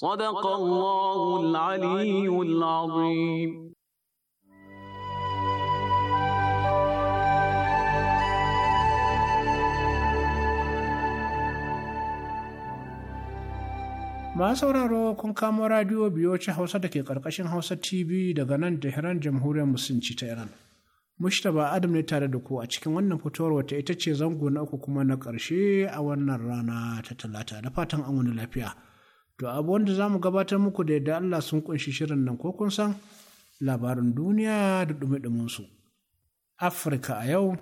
صدق الله العلي العظيم Ma sauraro kun kamo radiyo biyoci Hausa da ke ƙarƙashin Hausa TV daga nan da Tehran Jamhuriyar Musulunci ta Iran. Mushtaba Adam ne tare da ku a cikin wannan fitowar wata ita ce zango na uku kuma na ƙarshe a wannan rana ta talata da fatan an wani lafiya. To abubuwan da za mu gabatar muku da yadda Allah sun kunshi shirin nan ko kun san labarin duniya da ɗumi su Afirka a yau,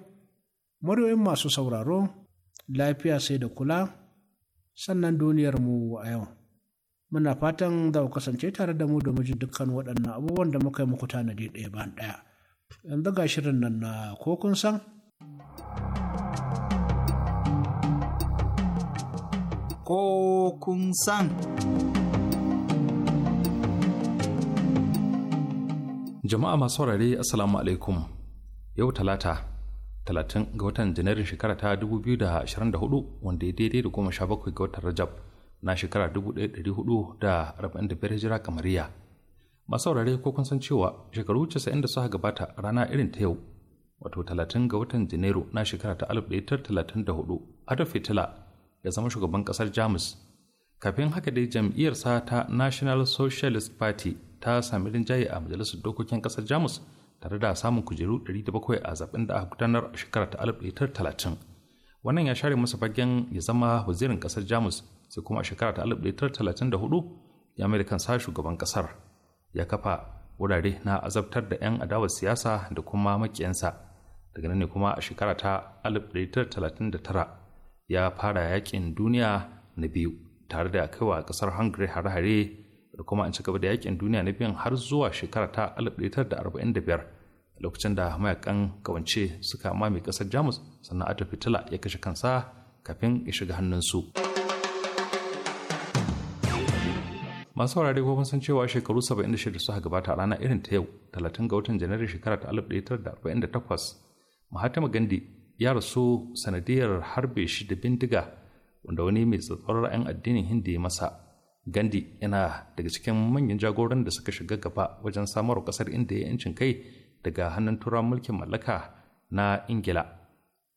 muryoyin masu sauraro, lafiya sai da kula, sannan duniyar mu a yau. Muna fatan za ku kasance tare da mu da mijin dukkan waɗannan abubuwan da muka yi muku tanadi ɗaya bayan ɗaya. Yanzu ga shirin nan na ko kun san? ko kun san. Jama'a masu saurare Assalamu alaikum yau talata talatin ga watan janairun shekara ta 2024 wanda ya daidai da goma sha bakwai ga watan rajab na shekara 1445 hijira kamariya masu saurare ko kun san cewa shekaru 90 da suka gabata rana irin ta yau wato talatin ga watan janairu na shekara ta 1934 adolf fitila. ya zama shugaban kasar jamus kafin haka dai jam'iyyarsa ta national socialist party ta sami rinjaye a majalisar dokokin kasar jamus tare da samun kujeru 700 a zaben da aka gudanar a shekara ta 1930 wannan ya share masa fagen ya zama wazirin kasar jamus sai kuma a shekara ta 1934 ya mai sa sa shugaban kasar ya kafa wurare na azabtar da 'yan adawar siyasa da kuma makiyansa daga nan ne kuma a shekara ta 1939 ya fara yakin duniya na biyu tare da kaiwa kasar hungary hare-hare da kuma an ci gaba da yakin duniya na biyu har zuwa shekara ta 1945 lokacin da mayakan kawance suka mame kasar jamus sannan adolf hitler ya kashe kansa kafin ya shiga hannunsu masu saurare kuma san cewa shekaru 76 suka gabata a ranar irin ta yau 30 ga watan janairu shekara ta 1948 mahatma gandhi ya rasu sanadiyar harbe shi da bindiga wanda wani mai tsatsar 'yan addinin hindu ya masa gandi yana daga cikin manyan jagoran da suka shiga gaba wajen samar kasar inda ya yancin kai daga hannun tura mulkin mallaka na ingila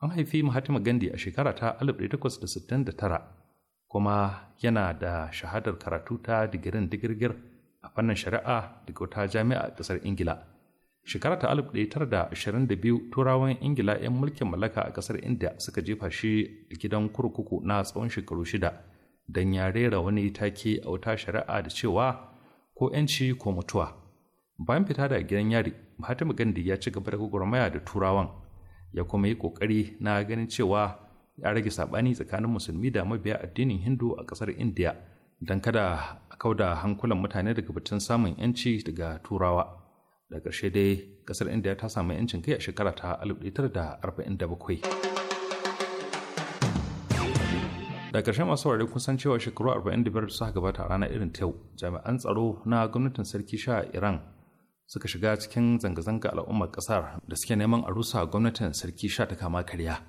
an haifi mahatma gandi a shekara ta 1869 kuma yana da shahadar karatu ta digirin digirgir a fannin shari'a daga wata jami'a a kasar ingila shekara ta 1922 turawan ingila 'yan mulkin mallaka a kasar india suka jefa shi a gidan kurkuku na tsawon shekaru shida don ya rera wani take a wuta shari'a da cewa ko 'yanci ko mutuwa bayan fita da gidan yari mahatma gandhi ya ci gaba da gwagwarmaya da turawan ya kuma yi kokari na ganin cewa ya rage saɓani tsakanin musulmi da mabiya addinin hindu a kasar india don kada a kauda hankulan mutane daga batun samun 'yanci daga turawa da ƙarshe dai ƙasar india ta samu 'yancin kai a shekara ta 1947 da ƙarshe masu saurari kun san cewa shekaru 45 da suka gabata a ranar irin ta jami'an tsaro na gwamnatin sarki sha iran suka shiga cikin zanga-zanga al'ummar ƙasar da suke neman a rusa gwamnatin sarki sha ta kama karya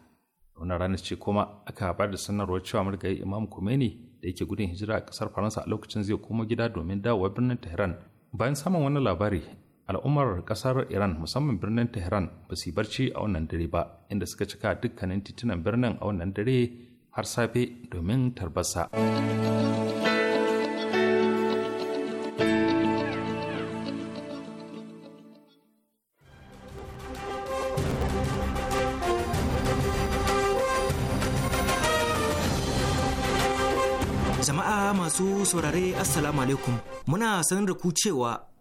wannan ranar ce kuma aka ba da sanarwar cewa marigayi imam kumeni da yake gudun hijira a ƙasar faransa a lokacin zai koma gida domin dawowa birnin tehran bayan samun wannan labari al'ummar kasar iran musamman birnin tehran ba su barci a wannan dare ba inda suka cika dukkanin titunan birnin a wannan dare har safe domin tarbasa jama'a masu saurare assalamu alaikum muna sanar da ku cewa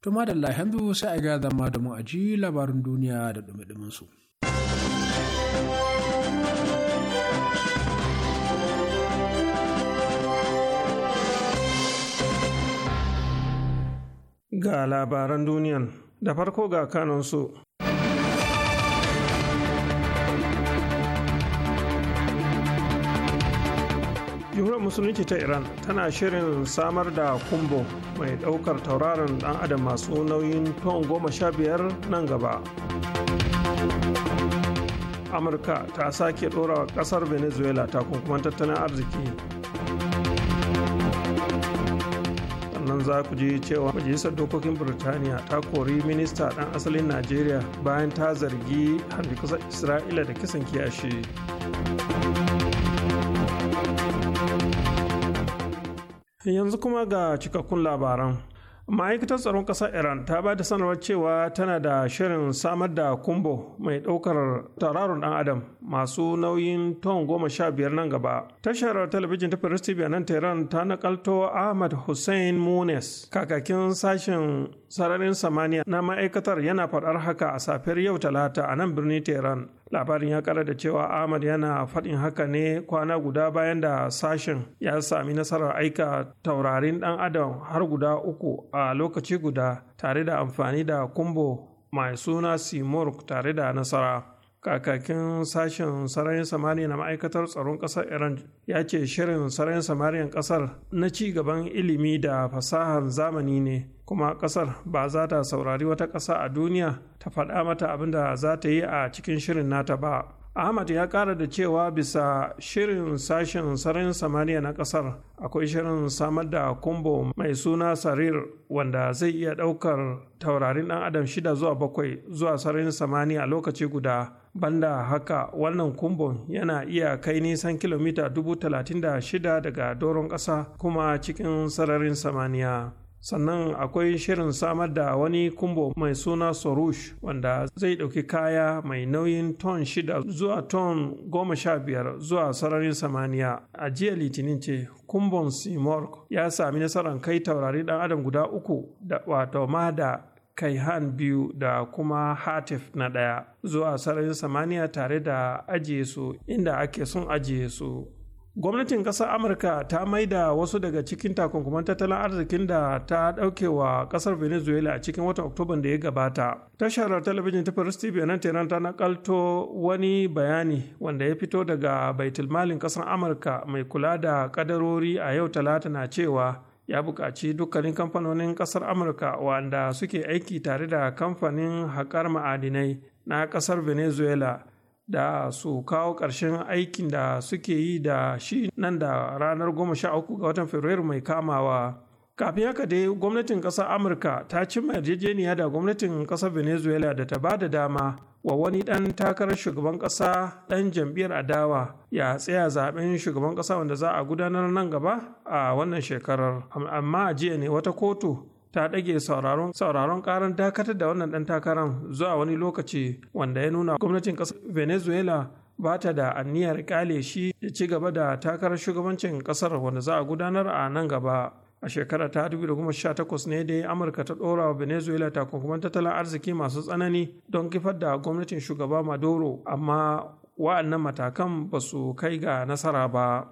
To da yanzu sai a ga zama da a ji labarin duniya da dumi su. Ga labaran duniyan da farko ga kanunsu. jumhuriyar musulunci ta iran tana shirin samar da kumbo mai daukar tauraron dan adam masu nauyin ton goma sha biyar nan gaba amurka ta sake ɗorawa ƙasar kasar venezuela takunkuman tattalin arziki sannan za ku ji cewa majalisar dokokin birtaniya ta kori minista dan asalin najeriya bayan ta zargi hannu kasar isra'ila da kisan kiyashi. yanzu kuma ga cikakkun labaran ma'aikatar tsaron ƙasar iran ta ba da sanarwar cewa tana da shirin samar da kumbo mai ɗaukar tararun ɗan adam masu nauyin ton goma sha biyar nan gaba tashar talabijin ta firis tv nan tehran ta nakalto ahmad hussein munes kakakin sashen sararin samaniya na ma'aikatar yana faɗar haka a safiyar yau talata a nan birnin tehran labarin ya kara da cewa ahmad yana faɗin haka ne kwana guda bayan da sashen ya sami nasarar aika taurarin ɗan adam har guda uku a lokaci guda tare da amfani da kumbo mai suna simorg tare da nasara kakakin sashen sararin samaniya na ma'aikatar tsaron ƙasar iran ya ce shirin sararin samaniyan ƙasar na ci gaban ilimi da fasahar zamani ne kuma ƙasar ba za ta saurari wata ƙasa a duniya ta faɗa mata abin da za ta yi a cikin shirin nata ba ahmad ya ƙara da cewa bisa shirin sashen sararin samaniya na ƙasar akwai shirin samar da kumbo mai suna sarir wanda zai iya ɗaukar taurarin ɗan adam shida zuwa bakwai zuwa sararin samaniya lokaci guda banda haka wannan kumbon yana iya kai nisan kilomita dubu talatin da shida daga doron ƙasa kuma cikin sararin samaniya sannan akwai shirin samar da wani kumbo mai suna sorush wanda zai ɗauki kaya mai nauyin ton shida zuwa ton goma sha biyar zuwa sararin samaniya a jiya litinin ce kumbon simor ya sami nasarar kai taurari ɗan adam guda uku da wato mada kaihan biyu da kuma hatif na ɗaya zuwa sararin samaniya tare da ajiye su inda ake son ajiye su gwamnatin ƙasar amurka ta maida wasu daga cikin takunkuman tattalin arzikin da ta ɗauke wa ƙasar venezuela a cikin watan oktoban da ya gabata tashar talabijin ta faris tv nan tenan ta nakalto wani bayani wanda ya fito daga baitulmalin kasar amurka mai kula da kadarori a yau talata na cewa ya buƙaci dukkanin kamfanonin kasar amurka wanda suke aiki tare da kamfanin haƙar ma'adinai na kasar venezuela da su kawo ƙarshen aikin da suke yi da shi nan da ranar goma sha uku ga watan Fabrairu mai kamawa. Kafin haka dai gwamnatin ƙasar Amurka ta cimma yarjejeniya da gwamnatin ƙasar Venezuela da ta ba da dama wa wani ɗan takarar shugaban ƙasa ɗan jam'iyyar adawa ya tsaya zaben shugaban ƙasa wanda za a gudanar nan gaba a wannan shekarar. Amma a jiya ne wata kotu ta ɗage sauraron sauraron ƙarar dakatar da wannan ɗan takarar zuwa wani lokaci wanda ya nuna gwamnatin ƙasar venezuela ba ta da anniyar ƙale shi ya ci gaba da takarar shugabancin ƙasar wanda za a gudanar a nan gaba a shekara ta 2018 ne dai amurka ta ɗora wa venezuela takunkuman tattalin arziki masu tsanani don kifar da gwamnatin shugaba maduro amma wa'annan matakan ba su kai ga nasara ba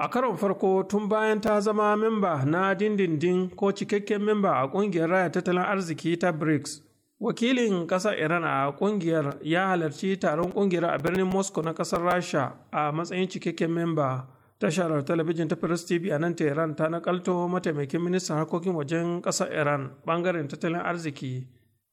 A karon farko tun bayan ta zama memba na dindindin ko cikakken memba a ƙungiyar raya tattalin arziki ta BRICS. Wakilin ƙasar Iran a ƙungiyar ya halarci taron ƙungiyar a birnin Moscow na ƙasar Rasha a matsayin cikakken memba. sharar talabijin ta Firis TV a nan Tehran ta nakalto mataimakin ministan harkokin wajen ƙasar Iran ɓangaren tattalin arziki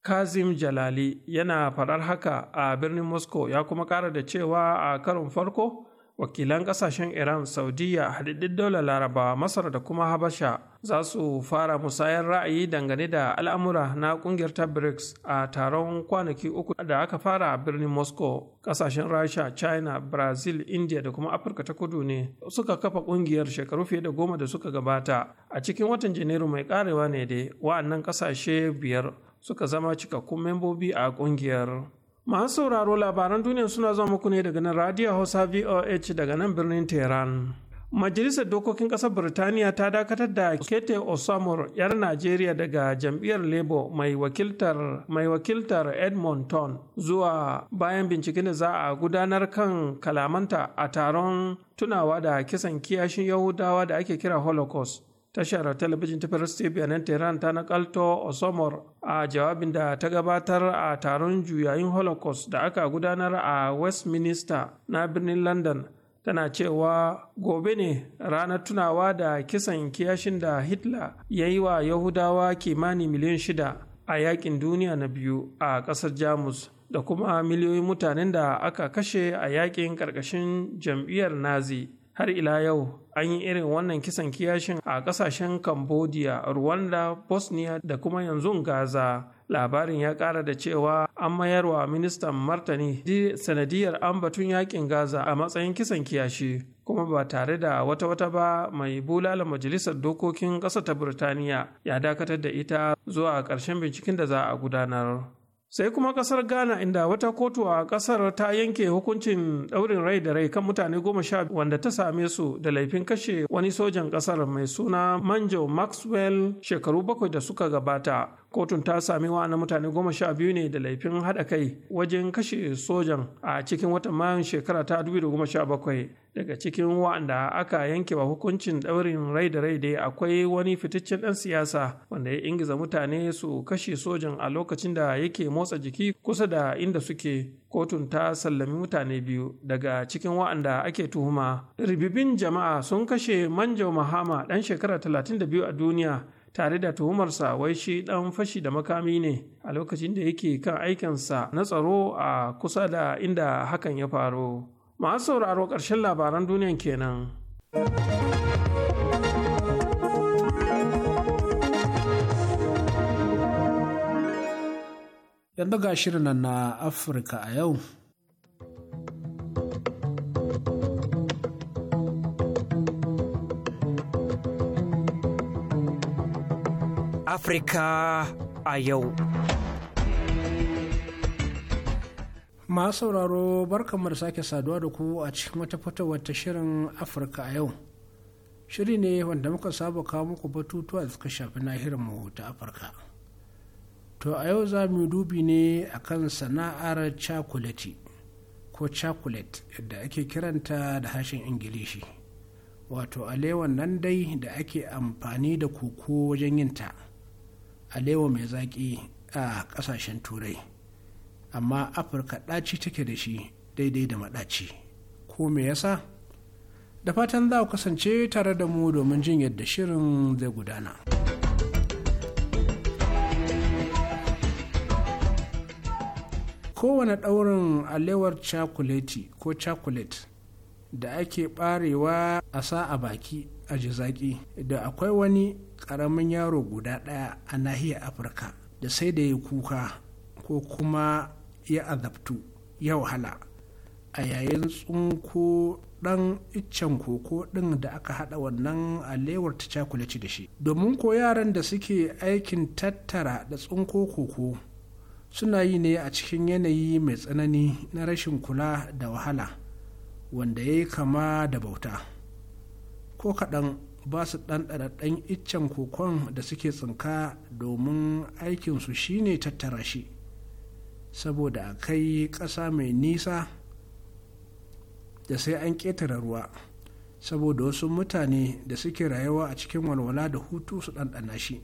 Kazim Jalali yana faɗar haka a birnin Moscow ya kuma ƙara da cewa a karon farko wakilan kasashen iran saudiya haɗaɗɗen daular larabawa masar da kuma habasha za su fara musayar ra'ayi dangane da al'amura na kungiyar ta brics a taron kwanaki uku da aka fara a birnin moscow kasashen rasha china brazil india da kuma afirka ta kudu ne suka kafa kungiyar shekaru fiye da goma da suka gabata a cikin watan janairu mai karewa ne dai wa'annan kasashe biyar suka zama cikakkun membobi a kungiyar masu sauraro labaran duniya suna zuwa muku ne daga nan radio hausa voh daga nan birnin tehran majalisar dokokin ƙasar birtaniya ta dakatar da kete osamur yar najeriya daga jam'iyyar labour mai wakiltar mai wakiltar edmonton zuwa bayan binciken da za a gudanar kan kalamanta a taron tunawa da kisan kiyashin yahudawa da ake kira holocaust tashar talabijin ta first TV a nan Tehran ta nakalto Osomor a jawabin da ta gabatar a taron juyayin Holocaust da aka gudanar a Westminster na birnin London tana cewa gobe ne ranar tunawa da kisan kiyashin da Hitler ya yi wa Yahudawa kimanin miliyan shida a yakin duniya na biyu a ƙasar Jamus da kuma miliyoyin mutanen da aka kashe a yakin ƙarƙashin jam'iyyar Nazi. har ila yau an yi irin wannan kisan kiyashin a kasashen cambodia rwanda bosnia da kuma yanzu gaza labarin ya kara da cewa an mayarwa ministan martani sanadiyar ambatun yakin gaza a matsayin kisan kiyashi kuma ba tare da wata wata ba mai bulala majalisar dokokin ƙasa ta burtaniya ya dakatar da ita zuwa ƙarshen binciken da za a gudanar sai kuma kasar ghana inda wata kotu a kasar ta yanke hukuncin daurin rai da rai kan mutane goma sha wanda ta same su da laifin kashe wani sojan kasar mai suna manjo maxwell shekaru bakwai da suka gabata kotun ta sami wa'annan mutane goma sha biyu ne da laifin haɗa kai wajen kashe sojan a cikin watan mayun shekara ta 2017 daga cikin wa'anda aka yanke wa hukuncin ɗaurin rai da rai dai akwai wani fitaccen ɗan siyasa wanda ya ingiza mutane su kashe sojan a lokacin da yake motsa jiki kusa da inda suke kotun ta sallami mutane biyu daga cikin wa'anda ake tuhuma ribibin jama'a sun kashe manjo mahama ɗan shekara talatin da biyu a duniya tare da tuhumarsa wai shi ɗan fashi da makami ne a lokacin da yake kan aikinsa na tsaro a kusa da inda hakan ya faru. Masu sauraro ƙarshen labaran duniyan kenan. Yanzu ga shirin na Afirka a yau. Afirka a yau. Masu sauraro bar kamar sake saduwa da ku a cikin wata fitowar ta shirin Afirka a yau. Shiri ne wanda muka saba kawo muku batutuwa da suka shafi mu ta Afirka. To a yau za mu dubi ne akan sana'ar cakuleti ko cakulet da ake kiranta da harshen Ingilishi. Wato alewan nan dai da ake amfani da koko wajen yinta. ta. alewa mai zaƙi a ƙasashen turai amma afirka ɗaci take da shi daidai da maɗaci ko me yasa da fatan za ku kasance tare da mu domin jin yadda shirin zai gudana kowane ɗaurin alewar cakuleti ko cakulet da ake barewa a sa a baki aji zaƙi da akwai wani ƙaramin yaro guda ɗaya a nahiyar afirka da sai da ya kuka ko kuma ya azabtu ya wahala a yayin tsunko ɗan iccen koko ɗin da aka haɗa wannan alewar ta cakuleti da shi domin ko yaran da suke aikin tattara da tsunko koko suna yi ne a cikin yanayi mai tsanani na rashin kula da wahala wanda ya yi kama da bauta. ko kaɗan ba su ɗanɗana ɗan iccen kokon da suke tsinka domin aikinsu shine tattara shi saboda a kai ƙasa mai nisa da sai an ƙetare ruwa saboda wasu mutane da suke rayuwa a cikin walwala da hutu su ɗanɗana shi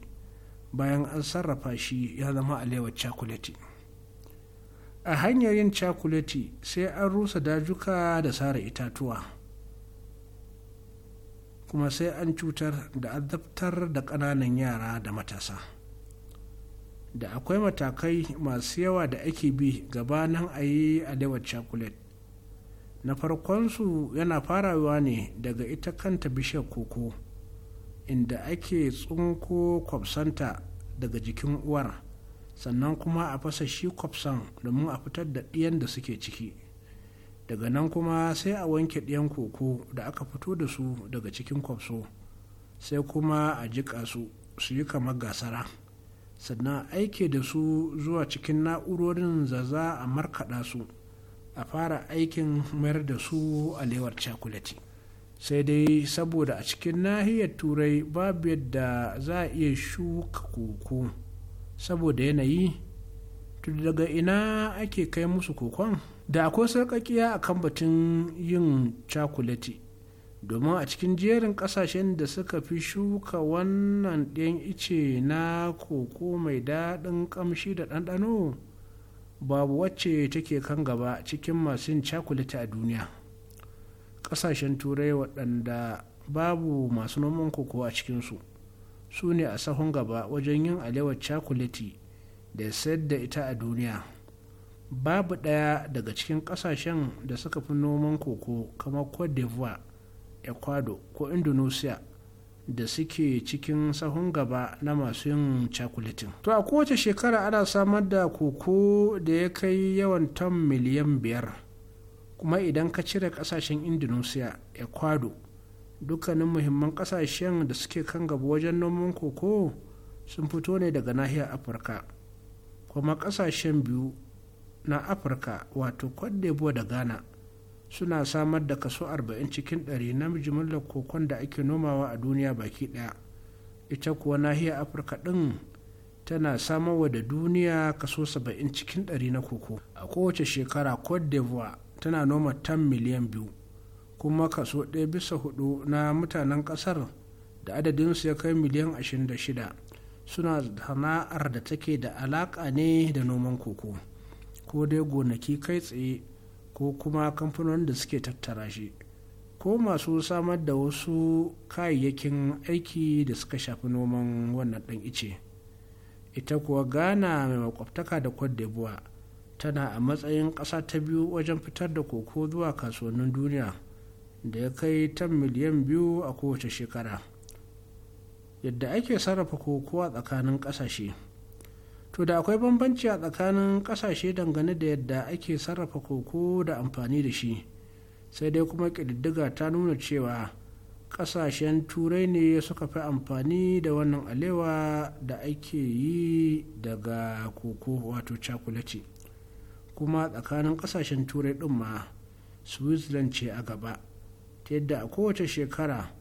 bayan an sarrafa shi ya zama alewar cakuleti a hanyar yin cakuleti sai an rusa dajuka da sare itatuwa kuma sai an cutar da azabtar da ƙananan yara da matasa da akwai matakai masu yawa da ake bi gabanin a yi dawa cakulet na farkonsu yana farawa ne daga ita kanta bishiyar koko inda ake tsunko kwafsanta daga jikin uwar sannan kuma a fasa shi kwafsan domin a fitar da ɗiyan da suke ciki daga nan kuma sai a wanke ɗiyan koko da aka fito da su daga cikin kwafso sai kuma a jiƙa su su yi kamar gasara sannan aike da su zuwa cikin na'urorin zaza a markaɗa su a fara aikin mayar da su a lewar cakulati sai dai saboda a cikin nahiyar turai babu yadda za a iya shuka koko saboda yanayi to daga ina ake kai musu kokon da akwai sarƙaƙiya a kan batun yin cakuleti domin a cikin jerin ƙasashen da suka fi shuka wannan ɗin ice na koko mai daɗin ƙamshi da ɗanɗano babu wacce take kan gaba cikin masu yin cakuleti a duniya ƙasashen turai waɗanda babu masu noman koko a cikinsu su ne a sahun gaba wajen yin alewar cakuleti da sayar da ita a duniya babu ɗaya daga cikin ƙasashen da suka fi noman koko kamar cote d'ivoire ecuador ko indonesia da suke cikin sahun gaba na masu yin cakuletin to a kowace shekara ana samar da koko da ya kai yawan ton miliyan biyar kuma idan ka cire ƙasashen indonesia ecuador dukkanin muhimman ƙasashen da suke kan gaba wajen noman koko sun fito ne daga nahiyar afirka kuma ƙasashen biyu na afirka wato d'Ivoire da ghana suna samar da kaso 40 cikin 100 na jimillar kokon da ake nomawa a duniya baki daya ita kuwa nahiyar afirka din tana samarwa da duniya kaso 70 cikin 100 na koko a kowace shekara cote d'ivoire tana noma tan miliyan biyu kuma kaso ɗaya bisa hudu na mutanen ƙasar da adadinsu ya kai miliyan 26 suna sana'ar da take da alaƙa ne da noman koko. ko dai gonaki kai tsaye ko kuma kamfanonin da suke tattara shi ko masu samar da wasu kayayyakin aiki da suka shafi noman wannan ɗan ice ita kuwa ghana mai makwabtaka da cote d'ivoire tana a matsayin ƙasa ta biyu wajen fitar da koko zuwa kasuwannin duniya da ya kai tan miliyan biyu a kowace shekara yadda ake sarrafa koko a tsakanin ƙasashe to da akwai bambanci a tsakanin kasashe dangane da yadda ake sarrafa koko da amfani da shi sai dai kuma ƙididdiga ta nuna cewa ƙasashen turai ne suka fi amfani da wannan alewa da ake yi daga koko wato cakulati kuma tsakanin ƙasashen turai ɗin ma switzerland ce a gaba ta yadda a kowace shekara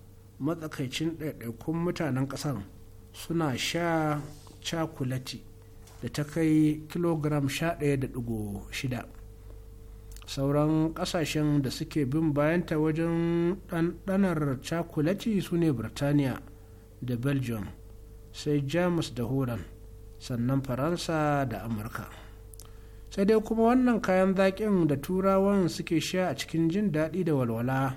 matsakaicin ɗaiɗaikun mutanen ƙasar suna sha cakulati da ta kai kilogram shida sauran kasashen da suke bin bayanta wajen ɗanɗanar cakulati su ne birtaniya da belgium sai jamus da horan sannan faransa da amurka sai dai kuma wannan kayan zaƙin da turawan suke sha a cikin jin daɗi da walwala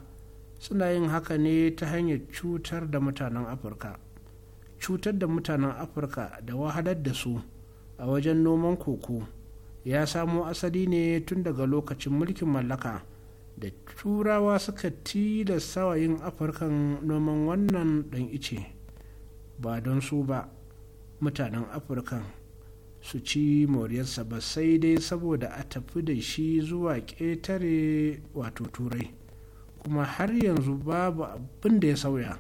suna yin haka ne ta hanyar cutar da mutanen afirka cutar da mutanen afirka da wahalar da su a wajen noman koko ya samo asali ne tun daga lokacin mulkin mallaka da turawa suka tilasta yin afirkan noman wannan ɗan ice ba don su ba mutanen afirkan su ci moriyarsa ba sai dai saboda a tafi da shi zuwa ƙetare wato turai kuma har yanzu babu abin da ya sauya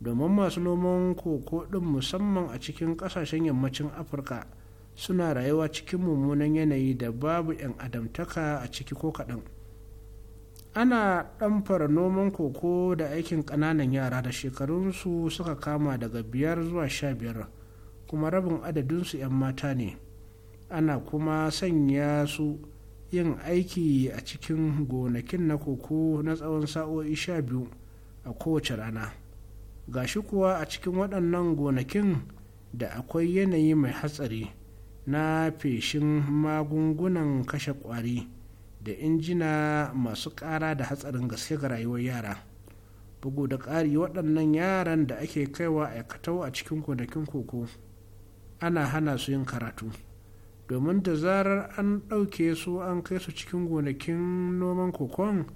domin masu noman koko ɗin musamman a cikin ƙasashen yammacin afirka suna rayuwa cikin mummunan yanayi da babu 'yan adamtaka a ciki ko kaɗan ana ɗamfara noman koko da aikin ƙananan yara da shekarunsu suka kama daga biyar zuwa sha biyar kuma rabin adadinsu 'yan mata ne ana kuma sanya su yin aiki a cikin gonakin na koko na tsawon sa'o'i sha biyu a kowace rana gashi kuwa a cikin waɗannan gonakin da akwai yanayi mai hatsari na feshin magungunan kashe ƙwari da injina masu ƙara da hatsarin gaske ga rayuwar yara bugu da ƙari waɗannan yaran da ake kaiwa aikatau a cikin gonakin koko ana hana su yin karatu domin da zarar an ɗauke su an kai su cikin gonakin noman kokon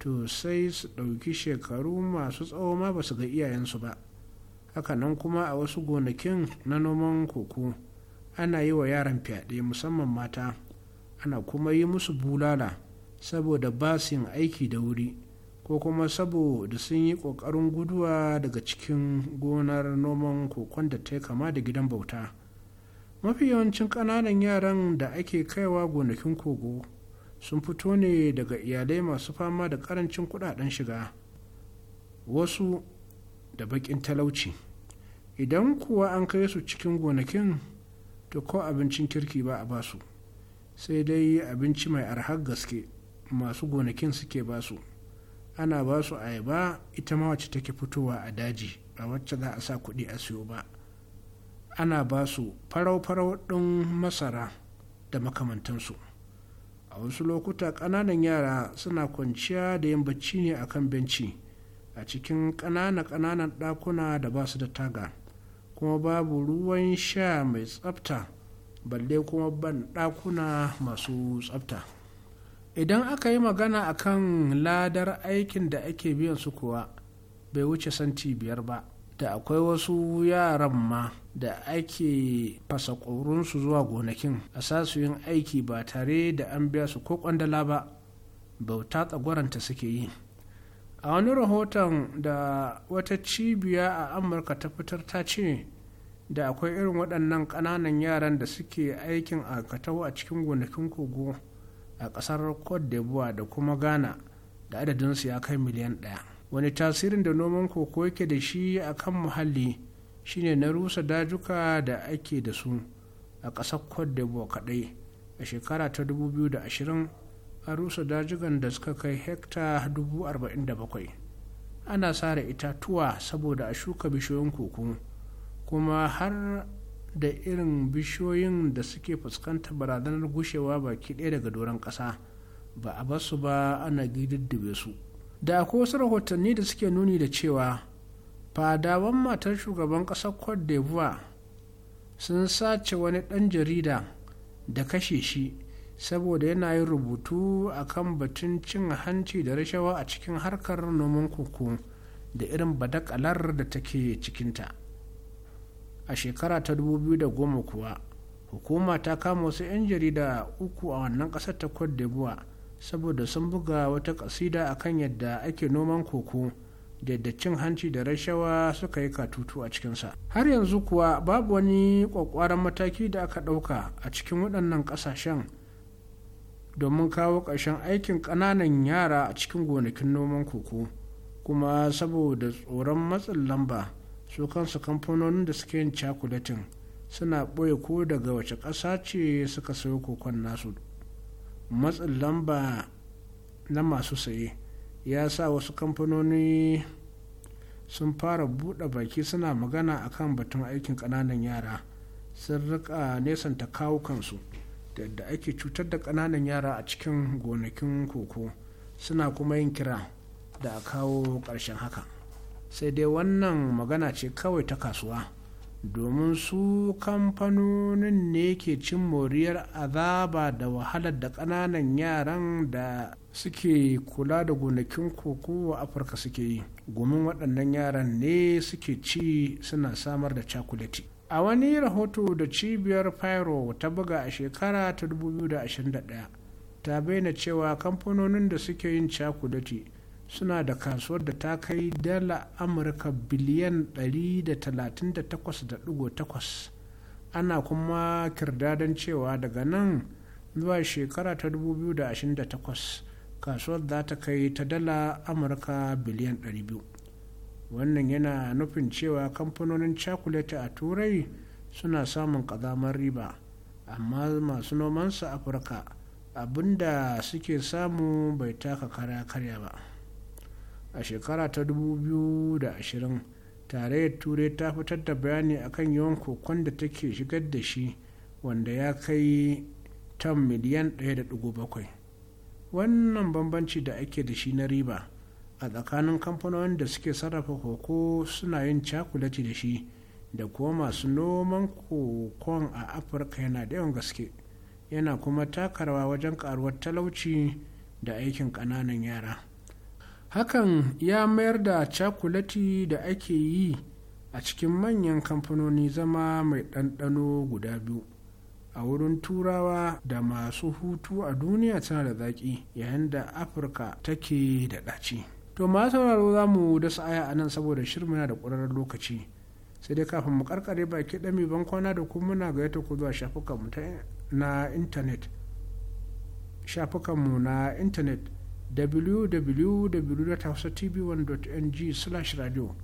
to sai su ɗauki shekaru masu tsawo ma ba su ga iyayensu ba hakanan kuma a wasu gonakin na noman koko ana yi wa yaran fyaɗe musamman mata ana kuma yi musu bulala saboda ba su yin aiki da wuri ko kuma saboda sun yi ƙoƙarin guduwa daga cikin gonar noman kokon da ta kama da gidan bauta mafi yawancin ƙananan yaran da ake kaiwa gonakin kogo sun fito ne daga iyalai masu fama da ƙarancin kuɗaɗen shiga wasu da baƙin talauci idan kuwa an kai su cikin gonakin to ko abincin kirki ba a basu sai dai abinci mai arhar gaske masu gonakin suke basu ana basu ayaba ita ma wacce take fitowa a daji ba wacce za a sa kuɗi a siyo ba ana basu farau-farau ɗin masara da makamantansu a wasu lokuta ƙananan yara suna kwanciya da yin bacci ne kan benci a cikin ƙanana-ƙananan ɗakuna da basu da taga kuma babu ruwan sha mai tsafta balle kuma ban ɗakuna masu tsafta idan aka yi magana a kan ladar aikin da ake biyan su kuwa bai wuce santi biyar ba da akwai wasu yaran ma da ake fasa su zuwa gonakin a sasu yin aiki ba tare da an biya su ko kwandala ba bauta tsagwaranta suke yi a wani rahoton da wata cibiya a amurka ta fitar ta ce da akwai irin waɗannan ƙananan yaran da suke aikin akatau a cikin gonakin kogo a ƙasar cote d'ivoire da kuma ghana da adadinsu ya kai miliyan ɗaya wani tasirin da noman koko yake da shi a kan muhalli shine na rusa dajuka da ake da su a ƙasar cote d'ivoire kaɗai a shekara ta 2020 a rusa dajigan da suka kai hekta 47,000 ana sare itatuwa saboda a shuka bishiyoyin koko kuma har da irin bishiyoyin da suke fuskantar barazanar gushewa baki ɗaya daga doron ƙasa ba a basu ba ana gididdibe su da akwai wasu rahotanni da suke nuni da cewa fadawan matar shugaban ƙasar cote sun sace wani ɗan jarida da kashe shi saboda yana yin rubutu a kan batun cin hanci da rashawa a cikin harkar noman koko da irin badakalar da take cikinta a shekara ta 2010 kuwa hukuma ta kama wasu 'yan jarida uku a wannan ƙasar ta cote d'ivoire saboda sun buga wata ƙasida kan yadda ake noman koko da yadda cin hanci da rashawa suka yi katutu a cikinsa har yanzu kuwa babu wani ƙwaƙwaran mataki da aka ɗauka a cikin waɗannan ƙasashen domin kawo ƙarshen aikin ƙananan yara a cikin gonakin noman koko kuma saboda tsoron matsin lamba su kansu kamfanonin da suke yin cakuletin suna ɓoye ko daga wace ƙasa ce suka sayo kokon nasu matsin lamba na masu saye ya sa wasu kamfanoni sun fara buɗe baki suna magana akan batun aikin ƙananan yara sun rika nesanta kawukansu kansu da yadda ake cutar da ƙananan yara a cikin gonakin koko suna kuma yin kira da a kawo ƙarshen haka sai dai wannan magana ce kawai ta kasuwa domin su kamfanonin ne ke cin moriyar azaba da wahalar da ƙananan yaran da suke kula da gonakin koko a afirka suke yi gomin waɗannan yaran ne suke ci suna samar da cakuleti a wani rahoto da cibiyar pyro ta buga a shekara ta 2021 ta bayyana cewa kamfanonin da suke yin cakulati suna da kasuwar da ta kai dala amurka biliyan 138.8 ana kuma kirdadan cewa daga nan zuwa shekara ta 2028 kasuwar za ta kai ta dala amurka biliyan 200 wannan yana nufin cewa kamfanonin cakuleti a turai suna samun kazamar riba amma masu nomansa afirka abinda suke samu bai taka kara karya ba a shekara ta 2020 tarayyar turai ta fitar da bayani a kan yawan kokon da take shigar da shi wanda ya kai tan miliyan 1.7 wannan bambanci da ake da shi na riba a tsakanin kamfanonin da suke sarrafa koko suna yin cakulati da shi da kuma masu noman kokon a afirka yana da yawan gaske yana kuma takarwa wajen karuwar talauci da aikin ƙananan yara hakan ya mayar da cakulati da ake yi a cikin manyan kamfanoni zama mai ɗanɗano guda biyu a wurin turawa da masu hutu a duniya tana da zaƙi yayin da afirka take da ɗaci to ma sauraro za mu da sa'aya a nan saboda shirmu na da ƙwararren lokaci sai dai kafin mu karkare baki ɗami ban kwana da kuma muna gayyata ku zuwa shafukanmu na intanet shafukanmu na intanet www.hausatv1.ng slash radio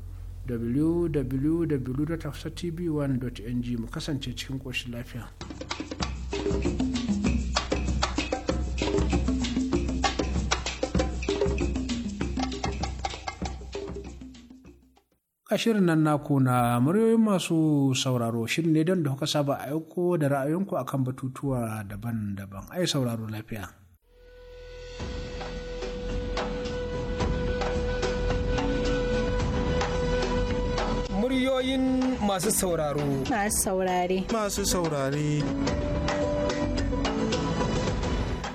www.hausatv1.ng mu kasance cikin ƙoshin lafiya. a shirin nan naku na muryoyin masu sauraro shirin ne don da kuka saba a aiko da ra'ayinku akan batutuwa daban-daban ai sauraro lafiya muryoyin masu sauraro masu saurare masu saurare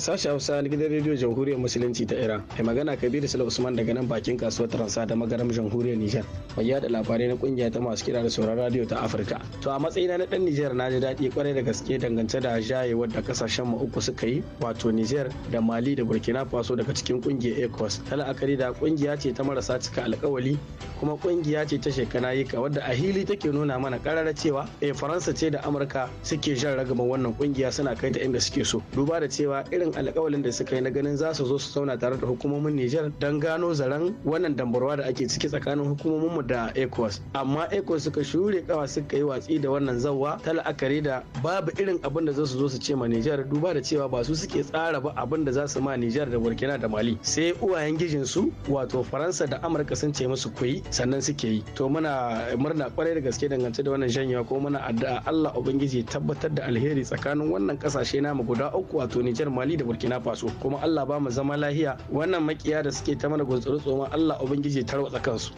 Sashi Hausa na gidan rediyo Jamhuriyar Musulunci ta Iran. Mai magana Kabiru Sula Usman daga nan bakin kasuwar Transa da magaram Jamhuriyar Nijar. Mai yada labarai na kungiya ta masu kira da sauran radio ta Afirka. To a matsayina na dan niger na ji daɗi kwarai da gaske dangance da jaye wadda kasashen mu uku suka yi wato Nijar da Mali da Burkina Faso daga cikin kungiyar ecos Ta la'akari da kungiya ce ta marasa cika alkawali kuma kungiya ce ta shekana yika wadda a hili take nuna mana karara cewa eh Faransa ce da Amurka suke jan ragaman wannan kungiya suna kai ta inda suke so. Duba da cewa irin alƙawalin da suka yi na ganin za su zo su zauna tare da hukumomin Nijar don gano zaren wannan dambarwa da ake ciki tsakanin hukumomin mu da ECOWAS. Amma ECOWAS suka shure kawa suka yi watsi da wannan zawa ta la'akari da babu irin abin da za su zo su ce ma Nijar duba da cewa ba su suke tsara ba abin da za su ma Nijar da Burkina da Mali. Sai uwayen gijin su wato Faransa da Amurka sun ce musu kuyi sannan suke yi. To muna murna kwarai da gaske dangance da wannan janyewa ko muna addu'a Allah Ubangiji tabbatar da alheri tsakanin wannan kasashe namu guda uku wato Nijar Mali mali da burkina faso kuma allah ba mu zama lahiya wannan makiya da suke ta mana guntsuru tsoma allah ubangiji tarwatsa kansu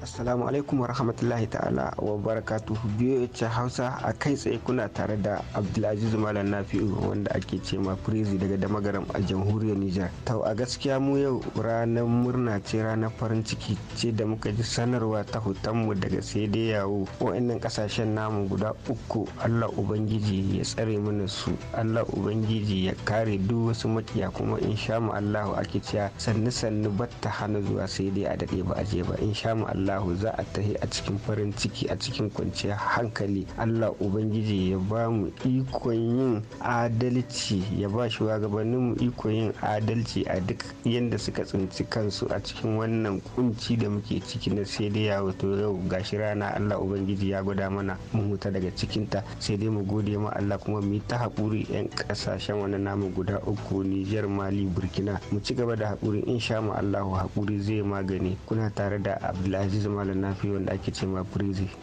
Assalamu alaikum wa rahmatullahi ta'ala wa barakatuhu biyo ce Hausa a kai tsaye kuna tare da Abdulaziz Malam Nafi'u wanda ake ce ma Prezi daga Damagaram a jamhuriyar Nijar. Tau a gaskiya mu yau ranar murna ce ranar farin ciki ce da muka ji sanarwa ta hutanmu daga sai dai yawo wa'annan kasashen namu guda uku Allah Ubangiji ya tsare mana su Allah Ubangiji ya kare duk wasu makiya kuma in sha mu Allahu ake cewa sannu sannu batta hana zuwa sai dai a daɗe ba a je ba in sha mu Allahu za a tahi a cikin farin ciki a cikin kwanciyar hankali Allah ubangiji ya ba mu ikon yin adalci ya ba gabanin mu ikon yin adalci a duk yanda suka tsinci kansu a cikin wannan kunci da muke ciki na sai dai ya wato yau gashi rana Allah ubangiji ya gwada mana mu huta daga cikinta sai dai mu gode ma Allah kuma mu yi ta haƙuri 'yan ƙasashen wani namu guda guda uku Nijar Mali Burkina mu ci gaba da haƙuri insha mu Allahu haƙuri zai magani kuna tare da Abdulaziz Malam Nafi wanda ake ce ma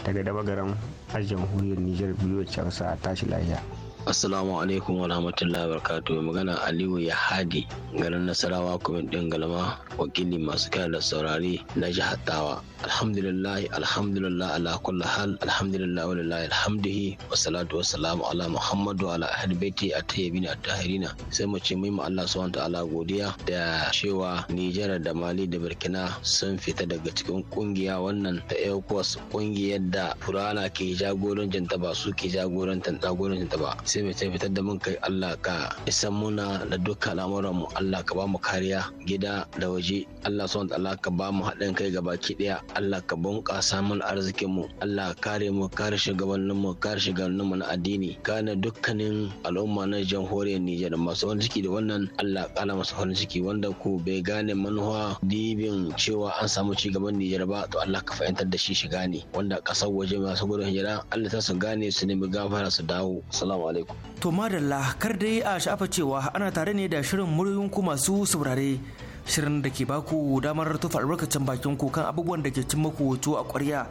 daga Dabagaram a jamhuriyar Nijar biyu Hausa a tashi lafiya. Assalamu alaikum wa rahmatullahi wa mai Magana Aliyu ya hadi garin Nasarawa kuma ɗin galama wakili masu kai da saurari na jihar Tawa. Alhamdulillah, alhamdulillah ala kulli hal, alhamdulillah lillahi alhamdihi wa salatu wa salamu ala Muhammadu ala ahli baiti at-tayyibin at-tahirina. Sai mu ce mu Allah subhanahu ta'ala godiya da cewa Nijar da Mali da Burkina sun fita daga cikin kungiya wannan ta ECOWAS kungiyar da Furana ke jagorancin ta ba su ke jagorancin ta ba. sai mai ta fitar da mun kai Allah ka isan muna da dukkan al'amuran mu Allah ka ba mu kariya gida da waje Allah son Allah ka ba mu haɗin kai ga baki ɗaya Allah ka bunƙasa mun arzikin mu Allah kare mu kare shugabannin mu kare shugabannin mu na addini kana dukkanin al'umma na jamhuriyar Nijar masu wani ciki da wannan Allah kala masu farin ciki wanda ku bai gane manuwa dibin cewa an samu ci gaban Nijar ba to Allah ka fahimtar da shi shiga ne wanda kasar waje masu gudun hijira Allah ta su gane su nemi gafara su dawo assalamu alaikum To madalla kar dai a sha'afa cewa ana tare ne da shirin muryoyin ku masu saurare. Shirin da ke baku damar tufa albarkacin bakin ku kan abubuwan da ke cin maku wato a ƙwarya.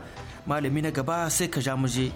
Malami na gaba sai ka ja muje.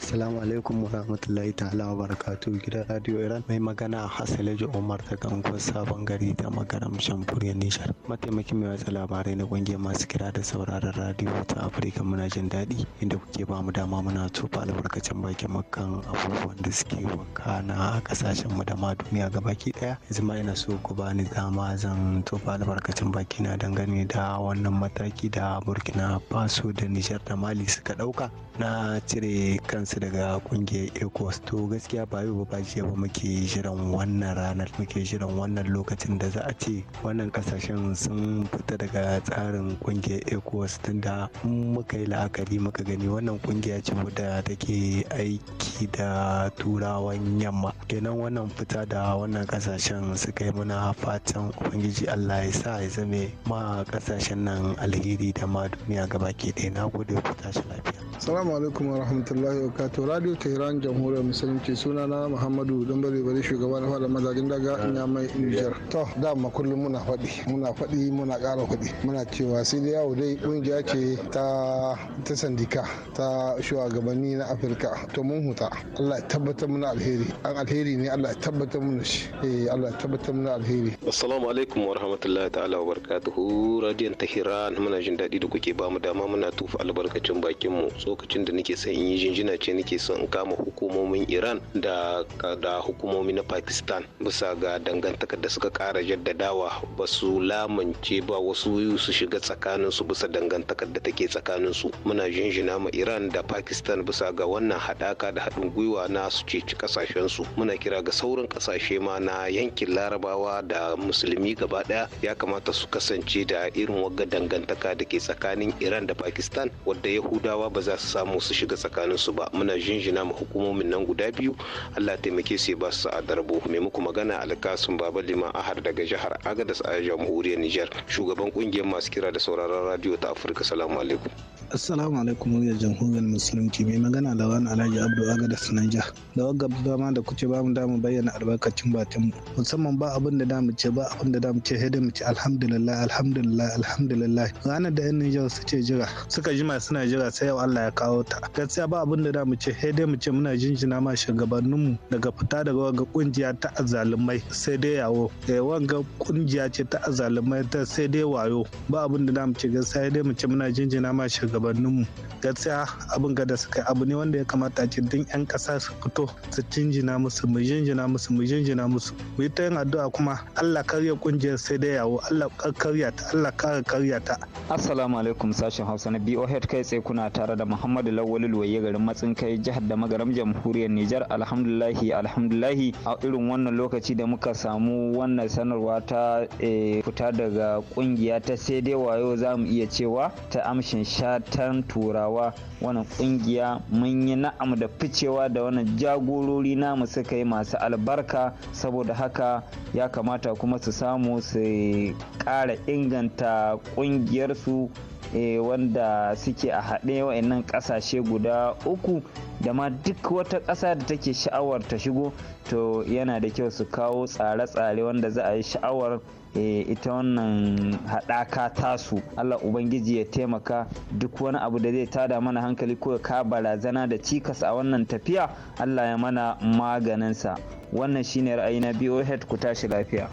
Assalamu alaikum warahmatullahi ta'ala wa barakatuhu gidan Radio Iran mai magana Hassalaji Umar daga unguwar Sabon Gari ta Magaram Shamfuriyar Nijar. Mataimakin mai watsa labarai na kungiyar masu kira da sauraron radio ta Afirka muna jin daɗi inda kuke ba mu dama muna tofa albarkacin bakin makan abubuwan da suke wakana a kasashen mu da ma duniya gabaki ɗaya. Yanzu ma ina so ku bani dama zan tofa albarkacin na dangane da wannan mataki da Burkina Faso da Nijar da Mali suka ɗauka na cire kansu su daga kungiyar ecos to gaskiya ba yau ba jiya ba muke jiran wannan ranar muke jiran wannan lokacin da za a ce wannan kasashen sun fita daga tsarin kungiyar ecos tunda muka yi la'akari muka gani wannan kungiya ce wadda take aiki da turawan yamma kenan wannan fita da wannan kasashen suka yi muna fatan ubangiji allah ya sa ya zame ma kasashen nan alheri da ma duniya gaba ke ɗaya na gode ku tashi lafiya salamu alaikum wa rahmatullahi wa wabarakatuh radio tehran jamhuriyar musulunci sunana muhammadu don bare bari shugaba na fada mazajin daga ina mai nijar to dama kullum muna faɗi muna faɗi muna ƙara kuɗi muna cewa sai dai yawo dai ƙungiya ce ta ta sandika ta shugabanni na afirka to mun huta allah ya tabbatar muna alheri an alheri ne allah ya tabbatar muna shi eh allah ya tabbatar muna alheri assalamu alaikum wa rahmatullahi ta'ala wa barakatuhu radiyon tehran muna jin daɗi da kuke ba mu dama muna tufa albarkacin bakin mu tsokacin da nake son in yi jinjina ce yaushe nake so in kama hukumomin iran da da hukumomi na pakistan bisa ga dangantakar da suka kara jaddadawa ba su lamunce ba wasu su shiga tsakanin su bisa dangantakar da take tsakanin su muna jinjina ma iran da pakistan bisa ga wannan hadaka da haɗin gwiwa na su ceci kasashen su muna kira ga sauran kasashe ma na yankin larabawa da musulmi gaba ɗaya ya kamata su kasance da irin wagga dangantaka da ke tsakanin iran da pakistan wadda yahudawa ba za su samu su shiga tsakanin su ba muna jinjina ma hukumomin nan guda biyu Allah taimake su ba su sa'adar bu mai muku magana alkasun baba liman ahar daga jihar agadas a jamhuriyar Nijar shugaban kungiyar masu kira da sauraron radio ta Afirka salamu alaikum Assalamu alaikum muryar jamhuriyar musulunci mai magana da wani alhaji abdu aga da sananja da wagga dama da kuce ba mu damu bayyana albarkacin batin mu musamman ba abin da damu ce ba abin da damu ce sai mu ce alhamdulillah alhamdulillah alhamdulillah ranar da yan Nijar suke jira suka jima suna jira sai yau Allah ya kawo ta gaskiya ba abin da damu ce sai mu ce muna jinjina ma shugabannin mu daga fita daga wagga kungiya ta azalumai sai dai yawo eh wagga kungiya ce ta azalumai ta sai dai wayo ba abin da damu ce gaskiya sai mu ce muna jinjina ma shugabannin shugabanninmu gaskiya abin da suka abu ne wanda ya kamata ce duk 'yan kasa su fito su jinjina musu mu jinjina musu mu jinjina musu mu yi ta yin addu'a kuma Allah karya kungiyar sai da yawo Allah karya ta Allah kara karya ta assalamu alaikum sashen Hausa na head kai tsaye kuna tare da Muhammadu Lawal Luwaye garin Matsin kai jihar da magaram jamhuriyar Nijar alhamdulahi alhamdulahi a irin wannan lokaci da muka samu wannan sanarwa ta eh, fita daga kungiya ta sai dai wayo zamu iya cewa ta amshin sha tan turawa wannan ƙungiya mun yi na'am da ficewa da wannan jagorori namu suka yi masu albarka saboda haka ya kamata kuma su samu su ƙara inganta ƙungiyarsu e, wanda suke a haɗe wa'annan ƙasashe guda uku da ma duk wata ƙasa da take sha'awar ta shigo to yana da kyau su kawo tsare-tsare wanda za a yi sha'awar Eh, ita wannan haɗaka tasu Allah Ubangiji ya taimaka duk wani abu da zai tada mana hankali ko ka barazana da cikas a wannan tafiya Allah ya mana maganinsa wannan shine ra'ayi na biyo head ku tashi lafiya.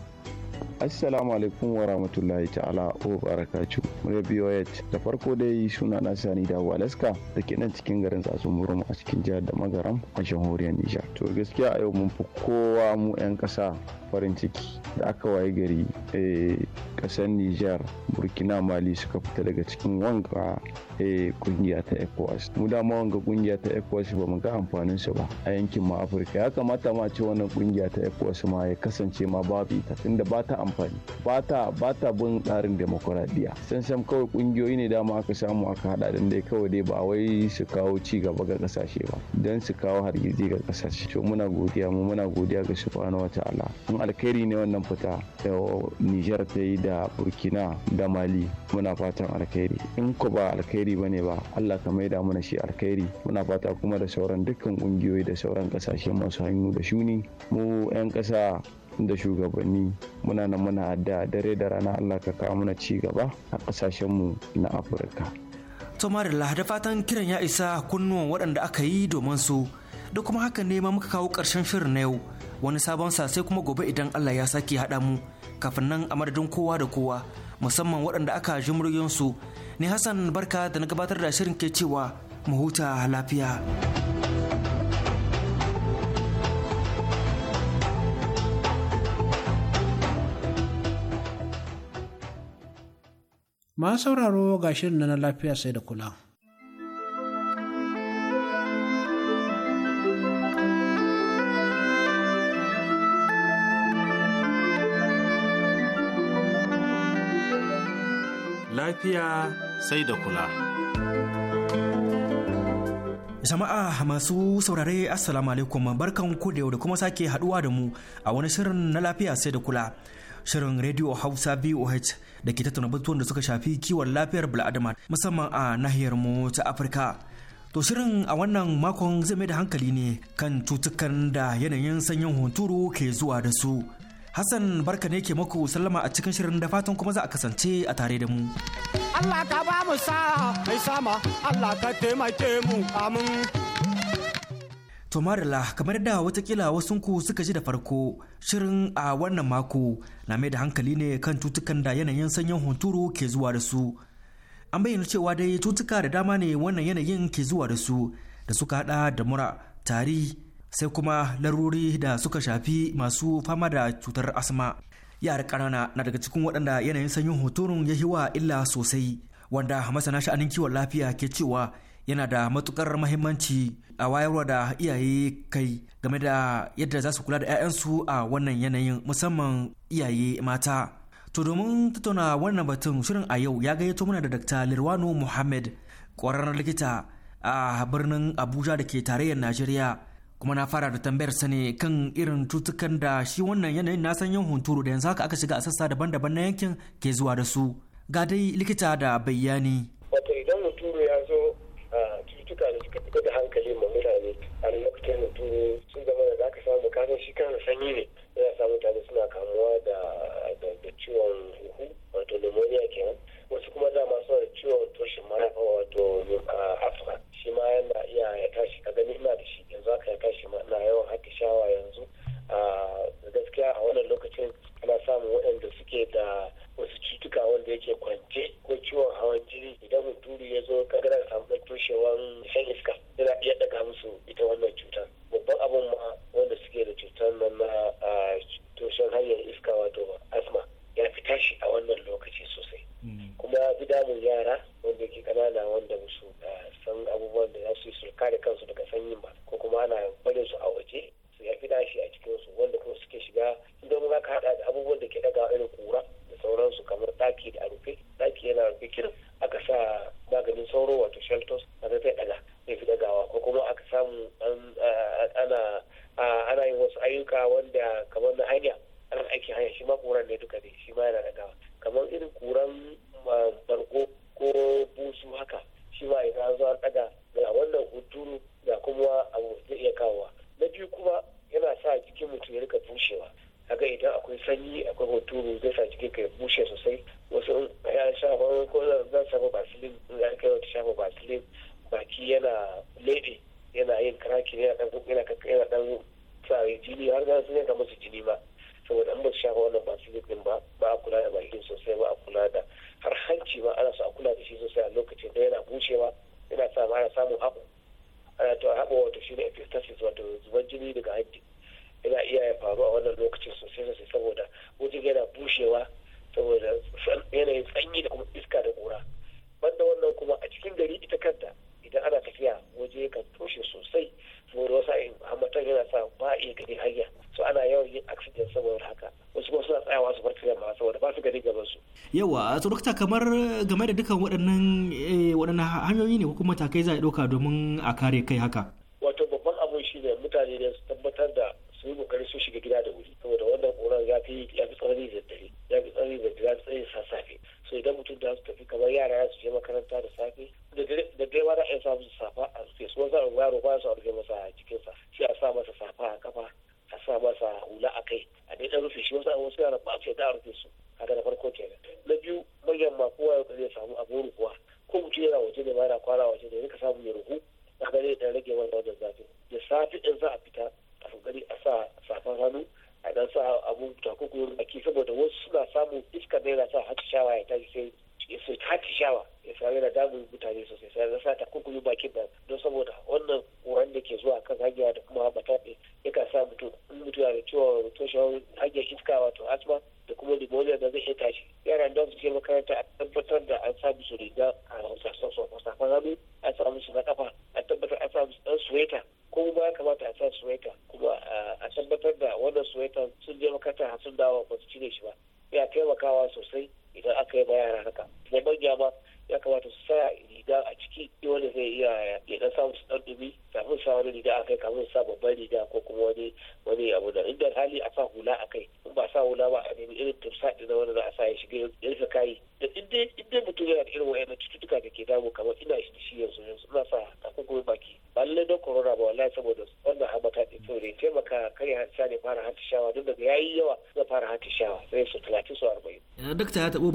assalamu alaikum wa rahmatullahi ta'ala wa barakatu murya biyoyet da farko dai suna na sani da walaska da ke nan cikin garin Murum a cikin jihar da magaram a jamhuriyar nijar to gaskiya a yau mun fi kowa mu 'yan ƙasa farin ciki da aka waye gari eh, ƙasar nijar burkina mali suka fita daga cikin wanga kungiya eh, ta ecowas mu dama wanga kungiya ta ecowas ba mu ga amfanin su ba a yankin ma afirka ya kamata ma ce wannan kungiya ta ecowas ma ya kasance ma babu ita tunda ba ta amfani ba ta ba ta bin tsarin demokuraɗiyya san sam kawai kungiyoyi ne dama aka samu aka haɗa dan dai kawai dai ba wai su kawo ci gaba ga kasashe ba dan su kawo hargitsi ga kasashe to muna godiya mu muna godiya ga subhanahu wataala in alkhairi ne wannan fita da Niger ta yi da Burkina da Mali muna fatan alkhairi in ku ba alkhairi bane ba Allah ka maida mana shi alkhairi muna fata kuma da sauran dukkan ƙungiyoyi da sauran kasashe masu hannu da shuni mu 'yan kasa da shugabanni muna nan muna da dare da rana Allah ka kawo mana ci gaba a ƙasashenmu na Afirka. To Marilla da fatan kiran ya isa kunnuwan waɗanda aka yi domin su da kuma haka ne ma muka kawo ƙarshen shirin na yau wani sabon sa sai kuma gobe idan Allah ya sake haɗa mu kafin nan a madadin kowa da kowa musamman waɗanda aka ji su ne Hassan barka da na gabatar da shirin ke cewa mu huta lafiya. Ma sauraro ga shirin na lafiya sai da kula. Lafiya sai da kula. Jama'a masu saurare Assalamu alaikum barkan ku da yau da kuma sake haɗuwa da mu a wani shirin na lafiya sai da kula. shirin Radio Hausa BOH da ke tattauna batuwan da suka shafi kiwon lafiyar bil'adama musamman a nahiyar mu ta Afirka. To shirin a wannan makon zai mai da hankali ne kan cutukan da yanayin sanyin hunturu ke zuwa da su. Hassan barka ne ke maku sallama a cikin shirin da fatan kuma za a kasance a tare da mu. Allah ka ba mu sa mai sama Allah ka taimake mu amin. To marala kamar da watakila wasunku suka ji da farko, shirin a wannan mako na mai da hankali ne kan tutukan da yanayin sanyin hunturu ke zuwa da su. An bayyana cewa dai tutuka da dama ne wannan yanayin ke zuwa da su da suka hada da mura, tari, sai kuma larurori da suka shafi masu fama da cutar asma. Yara ƙanana na daga cikin waɗanda yanayin sanyin hunturun ya wa illa sosai, wanda masana sha'anin kiwon lafiya ke cewa yana da matukar mahimmanci a wayarwa da iyaye kai game da yadda za su kula da 'ya'yansu a wannan yanayin musamman iyaye mata to domin tattauna wannan batun shirin a yau ya gayyato mana da dr lirwano muhammad ƙwararren likita a birnin abuja da ke tarayyar najeriya kuma na fara da tambayar sa ne kan irin cutukan da shi wannan yanayin na san yin hunturu da yanzu haka aka shiga a sassa daban-daban na yankin ke zuwa da su ga dai likita da bayani wato idan hunturu cututtuka da suka fita da hankali ma mutane a lokacin hunturu sun zama da za ka samu kasan shi kan sanyi ne yana samu mutane suna kamuwa da ciwon huhu wato pneumonia kenan wasu kuma dama suna da ciwon toshin ko wato afra ah, shi ma yana iya ya tashi ka gani ina da shi yanzu haka ya tashi ma ina yawan haka shawa yanzu a ah, gaskiya a wannan lokacin ana samun waɗanda suke da cututtuka wanda yake kwance ko ciwon hawan jini idan mutumi ya zo kagarar samun toshewan shan iska yana iya daga musu ita wannan cutar babban abun ma wanda suke da cutar nan na toshen hanyar iska wato asma ya fi tashi a wannan lokaci sosai hmm. kuma bi damun yara wanda ke kanana wanda kamar game da dukan waɗannan eh, waɗannan hanyoyi ne ko kuma matakai za a ɗauka domin a kare kai haka wato babban abu shi ne mutane da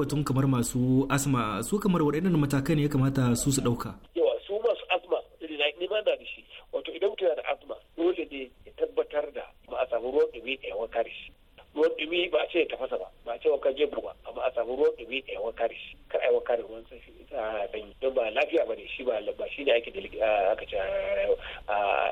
batun kamar masu asma su kamar waɗannan matakai ne ya kamata su su ɗauka. Yawa su masu asma ni ma na da shi wato idan mutum da asma dole ne ya tabbatar da ba a samu ruwan ɗumi da wanka kare shi. Ruwan ɗumi ba a ce ya tafasa ba ba a ce wanka jebu ba samu ruwan dumi ka yawan kare shi kar a yawan kare ruwan yi don ba lafiya ba ne shi ba ba shi ne aiki da aka ce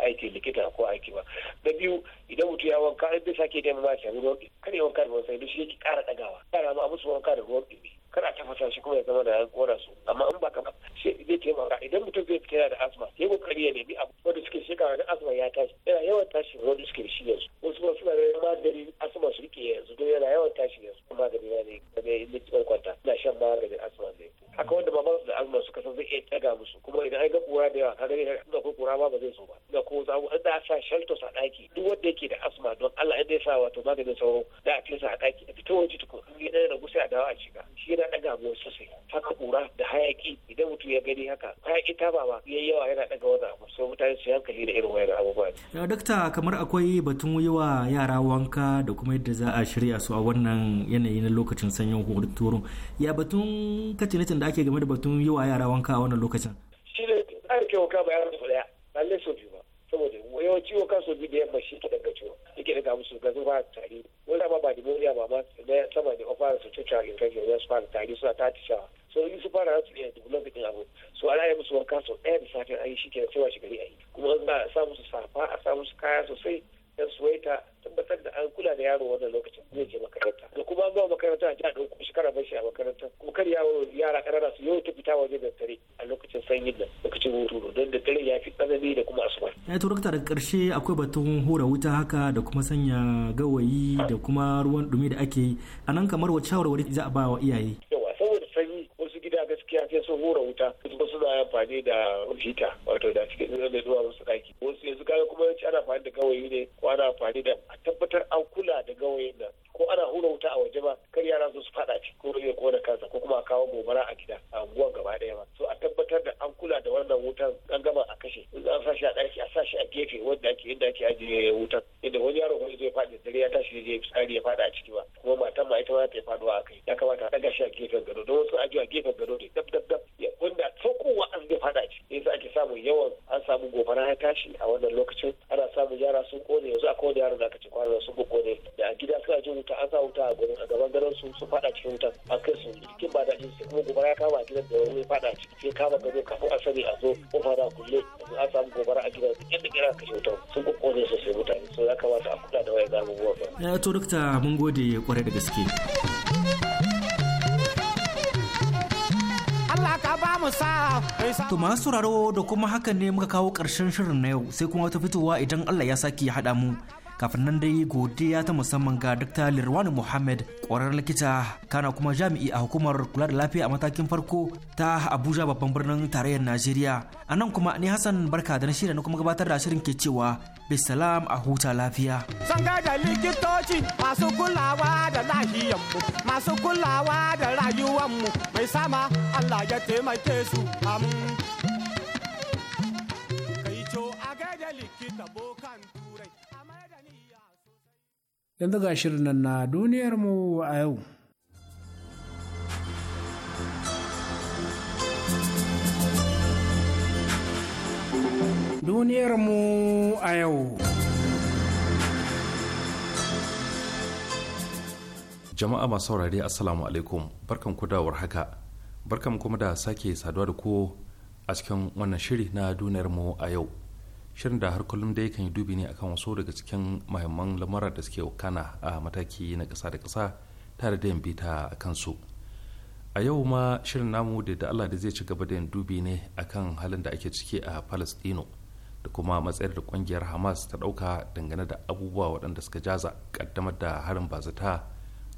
aiki likita ko aiki ba na biyu idan mutum ya wanka in da sake da ma shi ruwan dumi kar yawan kare ruwan sanyi don shi yake kara dagawa yara ma a musu wanka da ruwan dumi kar a tafasa shi kuma ya zama da ya kora su amma in ba ka ba sai zai taimaka idan mutum zai fita da asma ya kokari ya nemi abu wanda suke shekara na asma ya tashi yana yawan tashi da suke shi yanzu wasu ba suna da magani asma su rike yanzu don yana yawan tashi yanzu magani na ne da ne likitan kwanta na shan maganin asma ne haka wanda ba masu da azuma suka san zai iya daga musu kuma idan ai ga kura da yawa kaga da ko kura ma ba zai so ba da ko za a da sa shelters a daki duk wanda yake da asma don Allah in dai sa wato maganin sauro da a fesa a daki a fito waje tukun in dai da sai a dawo a shiga shi yana daga mu sosai haka kura da hayaki idan mutum ya gani haka hayaki ta ba ba yayi yawa yana daga wanda abu so mutane su hankali da irin wayar abubuwa ne dakta kamar akwai batun yawa yara wanka da kuma yadda za a shirya su a wannan yanayi na lokacin sanyin horo-horo ya batun kace da ake game da batun yi wa yara wanka a wannan lokacin shi ne an ke wanka ba yaran daya lalle so biyu ba saboda yawanci kan so biyu da yamma shi ke daga ciwo yake daga musu ga zuba tari wani ba ba pneumonia ba ma na sama da ofara su cuta infection ya su fara tari suna ta tishawa so in su fara su iya duk lokacin abu so ala yi musu wanka sau daya da safiya a yi shi ke da cewa shi gari a yi kuma ba a samu su safa a samu su kaya sosai ya suwaita tabbatar da an kula da yaro wannan lokacin zai je makaranta da kuma an gama makaranta a jihar ɗauko shi bashi a makaranta kuma kar yaro yara ƙanana su yau ta fita waje da dare a lokacin sanyin nan lokacin hutu don da dare ya fi tsanani da kuma asuba. ya eh turakta daga ƙarshe akwai batun hura wuta haka da kuma sanya gawayi da kuma ruwan ɗumi da ake yi a nan kamar wacce shawarwari za a ba wa iyaye. sai sun hura wuta wasu za a amfani da hita wato da cikin zai da zuwa wasu ɗaki wasu yanzu kaga kuma yawanci ana amfani da gawayi ne ko ana amfani da a tabbatar an kula da gawayin nan ko ana hura wuta a waje ba kar yara su su fada ciki ko rage ko da kansa ko kuma a kawo gobara a gida a unguwan gaba daya ba so a tabbatar da an kula da wannan wutan an gama a kashe in a sa shi a daki a sa shi a gefe wanda ake inda ake ajiye wutan inda wani yaro wani zai faɗi dare ya tashi zai fitsari ya fada a ciki ba kuma matan ma ita ma ta faɗuwa a kai ya kamata a ɗaga shi a gefen gado don wasu ajiye a gefen gado ne dab fara ya tashi a wannan lokacin ana samun yara sun kone yanzu a kowane yaran da ka ci kwanan sun kone da a gida suna jin wuta an sa wuta a gurin a gaban garin su su fada cikin wutan an kai su cikin ba daɗin su kuma gobara ya kama a gidan da ya wani fada ciki sai kama gado kafin a sani a zo kofa da kulle an samu gobara a gidan yadda kira kashe wutan sun kone sosai mutane so ya kamata a kula da wayan abubuwan. Eh, to dokta mun gode kwarai da gaske. mu sa to ma sauraro da kuma hakan ne muka kawo ƙarshen shirin na yau sai kuma wata fitowa idan Allah ya saki ya haɗa mu kafin nan dai godiya ta musamman ga Dr. Lirwan Muhammad ƙwararren likita kana kuma jami'i a hukumar kula da lafiya a matakin farko ta Abuja babban birnin tarayyar Najeriya. A nan kuma ni Hassan barka da na kuma gabatar da shirin ke cewa bisalam a huta lafiya. Zan da likitoci kulawa da masu kulawa sama Allah ya su am. Kai likita bokan yanzu ga shirin nan na duniyarmu a yau. Duniyarmu a yau. Jama'a masu saurare Assalamu alaikum barkan ku kudawar haka barkan kuma da sake saduwa da ku a cikin wannan shiri na duniyarmu a yau. shirin da har kullum dai kan yi dubi ne akan wasu daga cikin mahimman lamura da suke wakana a mataki na kasa da kasa tare da yin bita a kansu a yau ma shirin namu da da Allah da zai ci gaba da yin dubi ne akan halin da ake ciki a Palestino da kuma matsayar da kungiyar Hamas ta ɗauka dangane da abubuwa waɗanda suka jaza ƙaddamar da harin bazata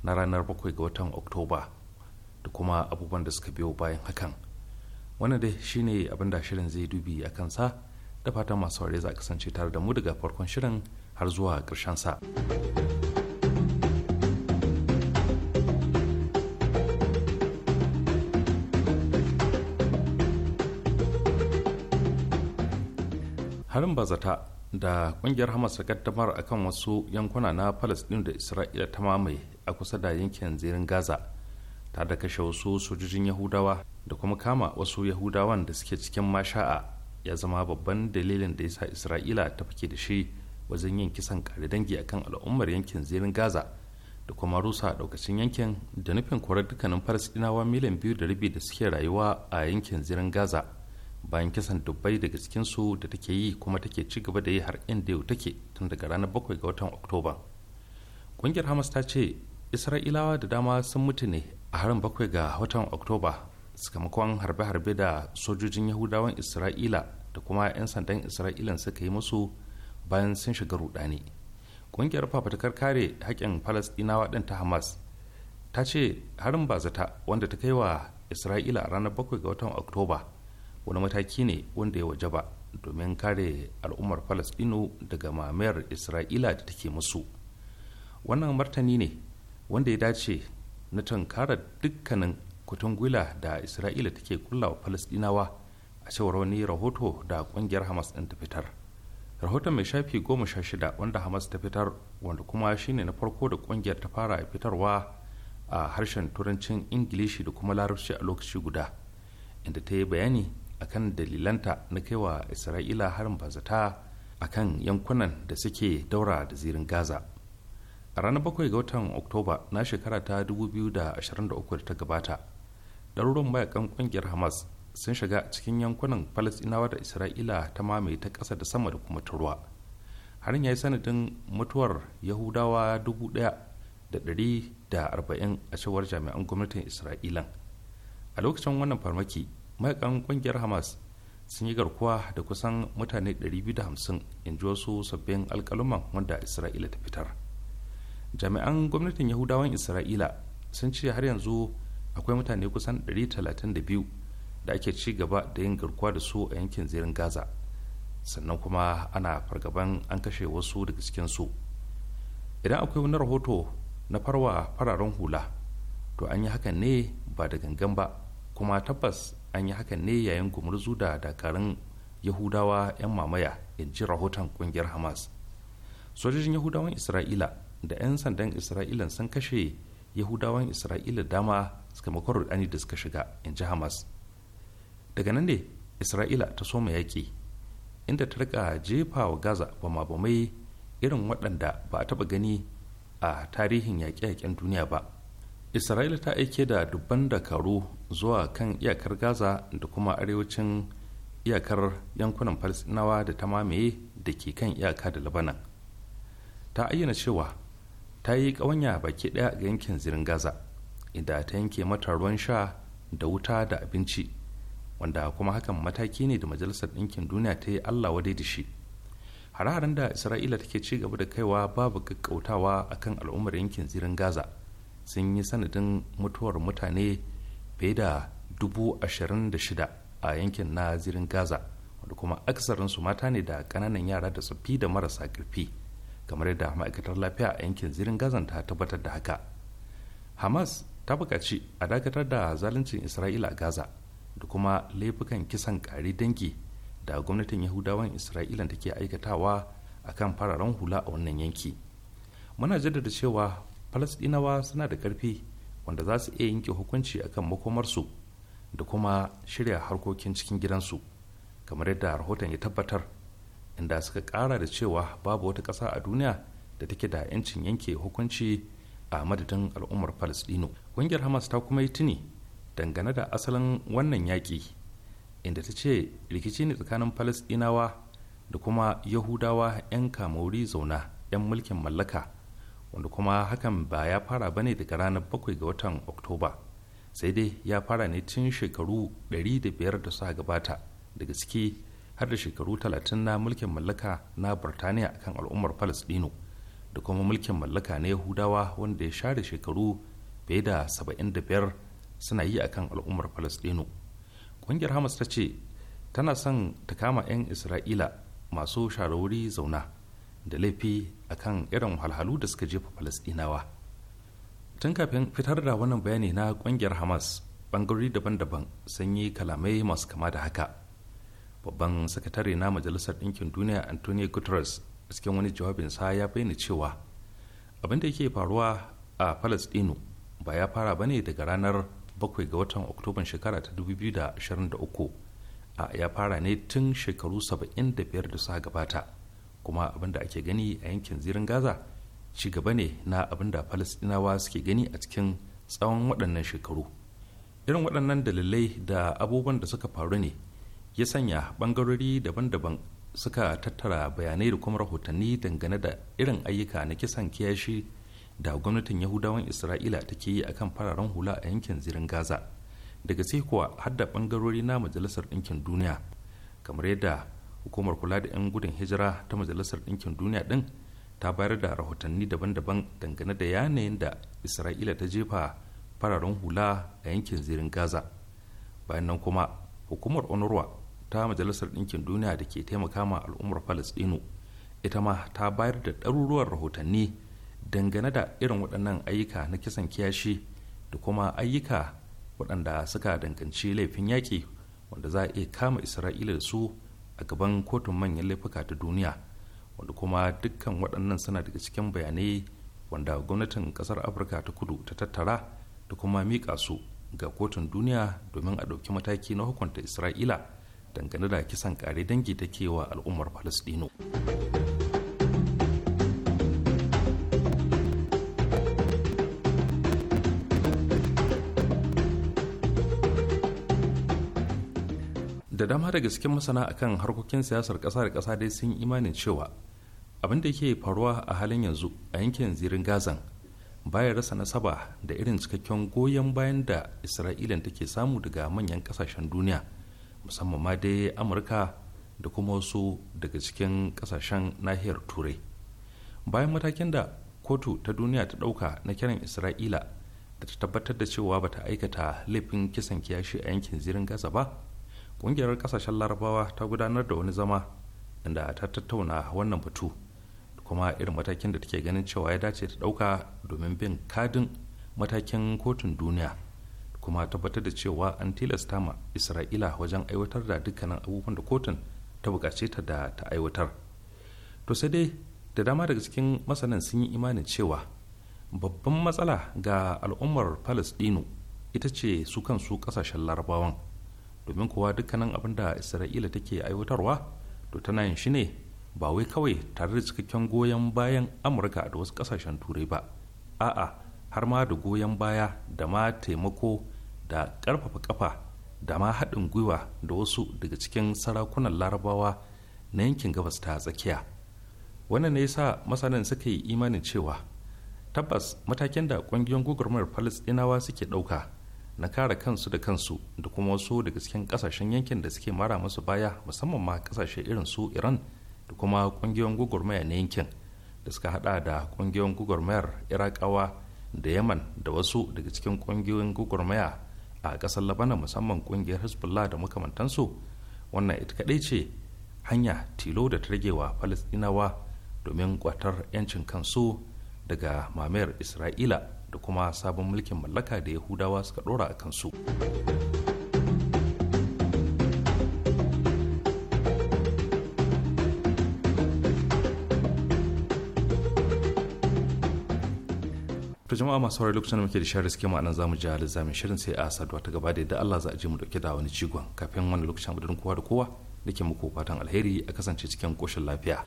na ranar bakwai ga watan Oktoba da kuma abubuwan da suka biyo bayan hakan wannan dai shine abin da shirin zai dubi a kansa da fatan masu saurare za kasance tare da mu daga farkon shirin har zuwa ƙarshen sa. harin bazata da kungiyar hamas ta kaddamar akan wasu yankuna na palestine da isra'ila ta mamaye a kusa da yankin zirin gaza ta da kashe wasu sojojin yahudawa da kuma kama wasu yahudawan da suke cikin masha'a ya zama babban dalilin da ya sa isra'ila ta fake da shi wajen yin kisan kare dangi akan al'ummar yankin zirin gaza da kuma rusa a daukacin yankin da nufin korar dukkanin falasɗinawa miliyan biyu da rabi da suke rayuwa a yankin zirin gaza bayan kisan dubbai daga cikinsu da take yi kuma take ci gaba da yi har inda yau take tun daga ranar bakwai ga watan oktoba ƙungiyar hamas ta ce isra'ilawa da dama sun mutu ne a harin bakwai ga watan oktoba sakamakon harbe-harbe da sojojin yahudawan isra'ila da kuma 'yan sandan isra'ilan suka yi musu bayan sun shiga rudani ƙungiyar fafatakar kare haƙƙin falasɗinawa ɗin ta hamas ta ce harin bazata wanda ta kai wa isra'ila a ranar 7 ga watan oktoba wani mataki ne wanda ya waje ba domin kare al'ummar falasɗinu daga mamayar isra'ila da take musu wannan martani ne wanda ya dace na tunkarar dukkanin kutun gwila da isra'ila take wa falasdinawa a cewar wani rahoto da kungiyar hamas din ta fitar rahoton mai shafi goma sha shida wanda hamas ta fitar wanda kuma shine na farko da kungiyar ta fara fitarwa a harshen turancin ingilishi da kuma larabci a lokaci guda inda ta yi bayani akan dalilanta na kai wa isra'ila harin bazata akan yankunan da suke daura da zirin gaza a ranar 7 ga watan oktoba na shekara ta 2023 da ta gabata ɗaruruwan mayakan ƙungiyar hamas sun shiga cikin yankunan falasɗinawa da isra'ila ta mamaye ta ƙasa da sama da kuma ta ruwa harin ya yi sanadin mutuwar yahudawa dubu ɗaya da ɗari da arba'in a cewar jami'an gwamnatin isra'ila a lokacin wannan farmaki mayakan ƙungiyar hamas sun yi garkuwa da kusan mutane 250 in ji wasu sabbin alƙaluman wanda isra'ila ta fitar jami'an gwamnatin yahudawan isra'ila sun ce har yanzu akwai mutane kusan 132 da ake ci gaba da yin garkuwa da su a yankin zirin gaza sannan kuma ana fargaban an kashe wasu daga su idan akwai wani rahoto na farwa fararen hula to an yi hakan ne ba da gangan ba kuma tabbas an yi hakan ne yayin gumurzu da dakarun yahudawa 'yan mamaya in ji rahoton kungiyar hamas sojojin yahudawan isra'ila da 'yan sandan isra'ilan sun kashe yahudawan isra'ila dama sakamakon rudani da suka shiga in ji hamas daga nan ne isra'ila ta soma yaƙi inda ta rika jefa wa gaza bama-bamai irin waɗanda ba a taɓa gani a tarihin yaƙe-yaƙen duniya ba isra'ila ta aike da dubban dakaru zuwa kan iyakar gaza da kuma arewacin iyakar yankunan Falsinawa da ta mamaye da ke kan iyaka da labanan ta ayyana cewa ta yi ƙawanya baki ɗaya ga yankin zirin gaza inda ta yanke mata ruwan sha da wuta da abinci wanda kuma hakan mataki ne da majalisar ɗinkin duniya ta yi allah wadai da shi hare-haren da isra'ila take ci gaba da kaiwa babu gaggautawa akan al'ummar yankin zirin gaza sun yi sanadin mutuwar mutane fiye da dubu ashirin da shida a yankin na zirin gaza wanda kuma aksarinsu mata ne da ƙananan yara da tsaffi da marasa ƙarfi kamar yadda ma'aikatar lafiya a yankin zirin gazan ta tabbatar da haka hamas ta buƙaci a dakatar da zaluncin isra'ila a gaza da kuma laifukan kisan ƙari dangi da gwamnatin yahudawan isra'ila ke aikatawa a kan fararen hula a wannan yanki muna jaddada cewa falasɗinawa suna da ƙarfi wanda za su iya yanke hukunci akan makomarsu da kuma shirya harkokin cikin gidansu kamar yadda rahoton ya tabbatar inda suka kara da cewa babu wata ƙasa a duniya da take da 'yancin yanke hukunci a madadin al'ummar palestino ƙungiyar hamas ta kuma yi tuni dangane da asalin wannan yaƙi inda ta ce rikici ne tsakanin palestinawa da kuma yahudawa 'yan kamori zauna 'yan mulkin mallaka wanda kuma hakan ba ya fara ba ne daga ranar 7 ga watan oktoba sai dai ya fara ne tun shekaru 500 da suka gabata daga ciki har da shekaru 30 na mulkin mallaka na birtaniya akan al'ummar palestino da kuma mulkin mallaka na yahudawa wanda ya share shekaru fiye da 75 suna yi akan al'ummar falastinu ƙungiyar hamas ta ce tana son ta kama 'yan isra'ila masu sharori zauna da laifi akan irin halhalu da suka jefa falastinawa tun kafin fitar da wannan bayani na ƙungiyar hamas bangarori daban-daban sun yi kalamai masu kama da haka babban sakatare na majalisar ɗinkin duniya antonio guterres a cikin wani jawabinsa ya bayyana cewa abin da yake faruwa a palestino ba ya fara bane daga ranar 7 ga watan oktoban shekara ta 2023 a ya fara ne tun shekaru 75 da suka gabata kuma abin da ake gani a yankin zirin gaza ci gaba ne na abin da palestinawa suke gani a cikin tsawon waɗannan shekaru irin waɗannan dalilai da abubuwan da suka faru ne ya sanya ɓangarori daban-daban suka tattara bayanai da kuma rahotanni dangane da irin ayyuka na kisan kiyashi da gwamnatin yahudawan isra'ila take yi a kan fararen hula a yankin zirin gaza daga sai kuwa har da bangarori na majalisar ɗinkin duniya kamar yadda hukumar kula da 'yan gudun hijira ta majalisar ɗinkin duniya ɗin ta bayar da rahotanni daban-daban dangane da yanayin da isra'ila ta jefa fararen hula a yankin zirin gaza bayan nan kuma hukumar onurwa ta majalisar ɗinkin duniya da ke taimaka ma al'ummar palestino ita ma ta bayar da ɗaruruwan rahotanni dangane da irin waɗannan ayyuka na kisan kiyashi da kuma ayyuka waɗanda suka danganci laifin yaƙi wanda za a iya kama isra'ila da su a gaban kotun manyan laifuka ta duniya wanda kuma dukkan waɗannan suna daga cikin bayanai wanda gwamnatin ƙasar afirka ta kudu ta tattara da kuma miƙa su ga kotun duniya domin a ɗauki mataki na hukunta isra'ila dangane da kisan kare dangi take wa al'ummar palestino da dama daga cikin masana akan harkokin siyasar ƙasa da ƙasa dai sun imanin cewa abin da ke faruwa a halin yanzu a yankin zirin gazan baya rasa nasaba da irin cikakken goyon bayan da isra'ilan take samu daga manyan ƙasashen duniya musamman ma dai amurka da kuma wasu daga cikin kasashen nahiyar turai bayan matakin da kotu ta duniya ta dauka na kiran isra'ila da ta tabbatar da cewa bata aikata laifin kisan kiyashi a yankin zirin gaza ba ƙungiyar kasashen larabawa ta gudanar da wani zama inda ta tattauna wannan batu kuma irin matakin da take ganin cewa ya dace ta dauka domin bin kadin matakin kotun duniya kuma tabbatar da cewa an tilasta ma isra'ila wajen aiwatar da dukkanin abubuwan da kotun ta bukace ta da ta aiwatar to sai dai da dama daga cikin masanan sun yi imanin cewa babban matsala ga al'ummar palestino ita ce su kansu kasashen larabawan domin kuwa dukkanin abin da isra'ila take aiwatarwa to tana yin shi ne ba wai kawai tare da cikakken goyon bayan amurka da wasu kasashen turai ba a'a har ma da goyon baya da ma taimako da ƙarfafa ƙafa da ma haɗin gwiwa da wasu daga cikin sarakunan larabawa na yankin gabas ta tsakiya wannan ne yasa masanin suka yi imanin cewa tabbas matakin da ƙungiyoyin gugurmar palestinawa suke ɗauka na kare kansu da kansu da kuma wasu daga cikin ƙasashen yankin da suke mara musu baya musamman ma ƙasashe irin su iran da kuma ƙungiyoyin gugurmaya na yankin da suka haɗa da ƙungiyoyin gugurmayar irakawa da yaman da wasu daga cikin ƙungiyoyin gugurmaya a ƙasar labanan musamman ƙungiyar hezbollah da makamantansu wannan ita kaɗai ce hanya tilo da ta ragewa falastinawa domin kwatar 'yancin kansu daga mamayar isra'ila da kuma sabon mulkin mallaka da yahudawa suka ɗora a kansu jama'a masu saurari lokacin da muke da shirin suke ma'anar zamu ji da zamin shirin sai a saduwa ta gaba da yadda Allah za a je mu dauke da wani cigon kafin wani lokacin mu kowa da kowa da ke muku fatan alheri a kasance cikin koshin lafiya.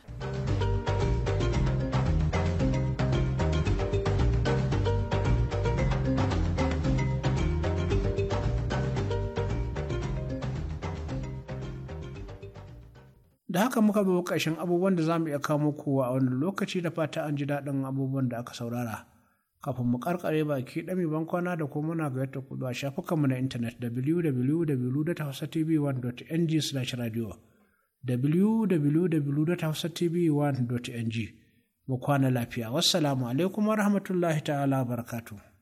da haka muka bi ƙarshen abubuwan da za mu iya kawo muku a wani lokaci da fata an ji daɗin abubuwan da aka saurara. kafin mu karkare baki dami bankwana da kuma muna ga yadda kudu a shafukanmu na intanet www.hausatv1.ng/radio www.hausatv1.ng mu kwana lafiya wassalamu alaikum warahmatullahi ta'ala barakatuh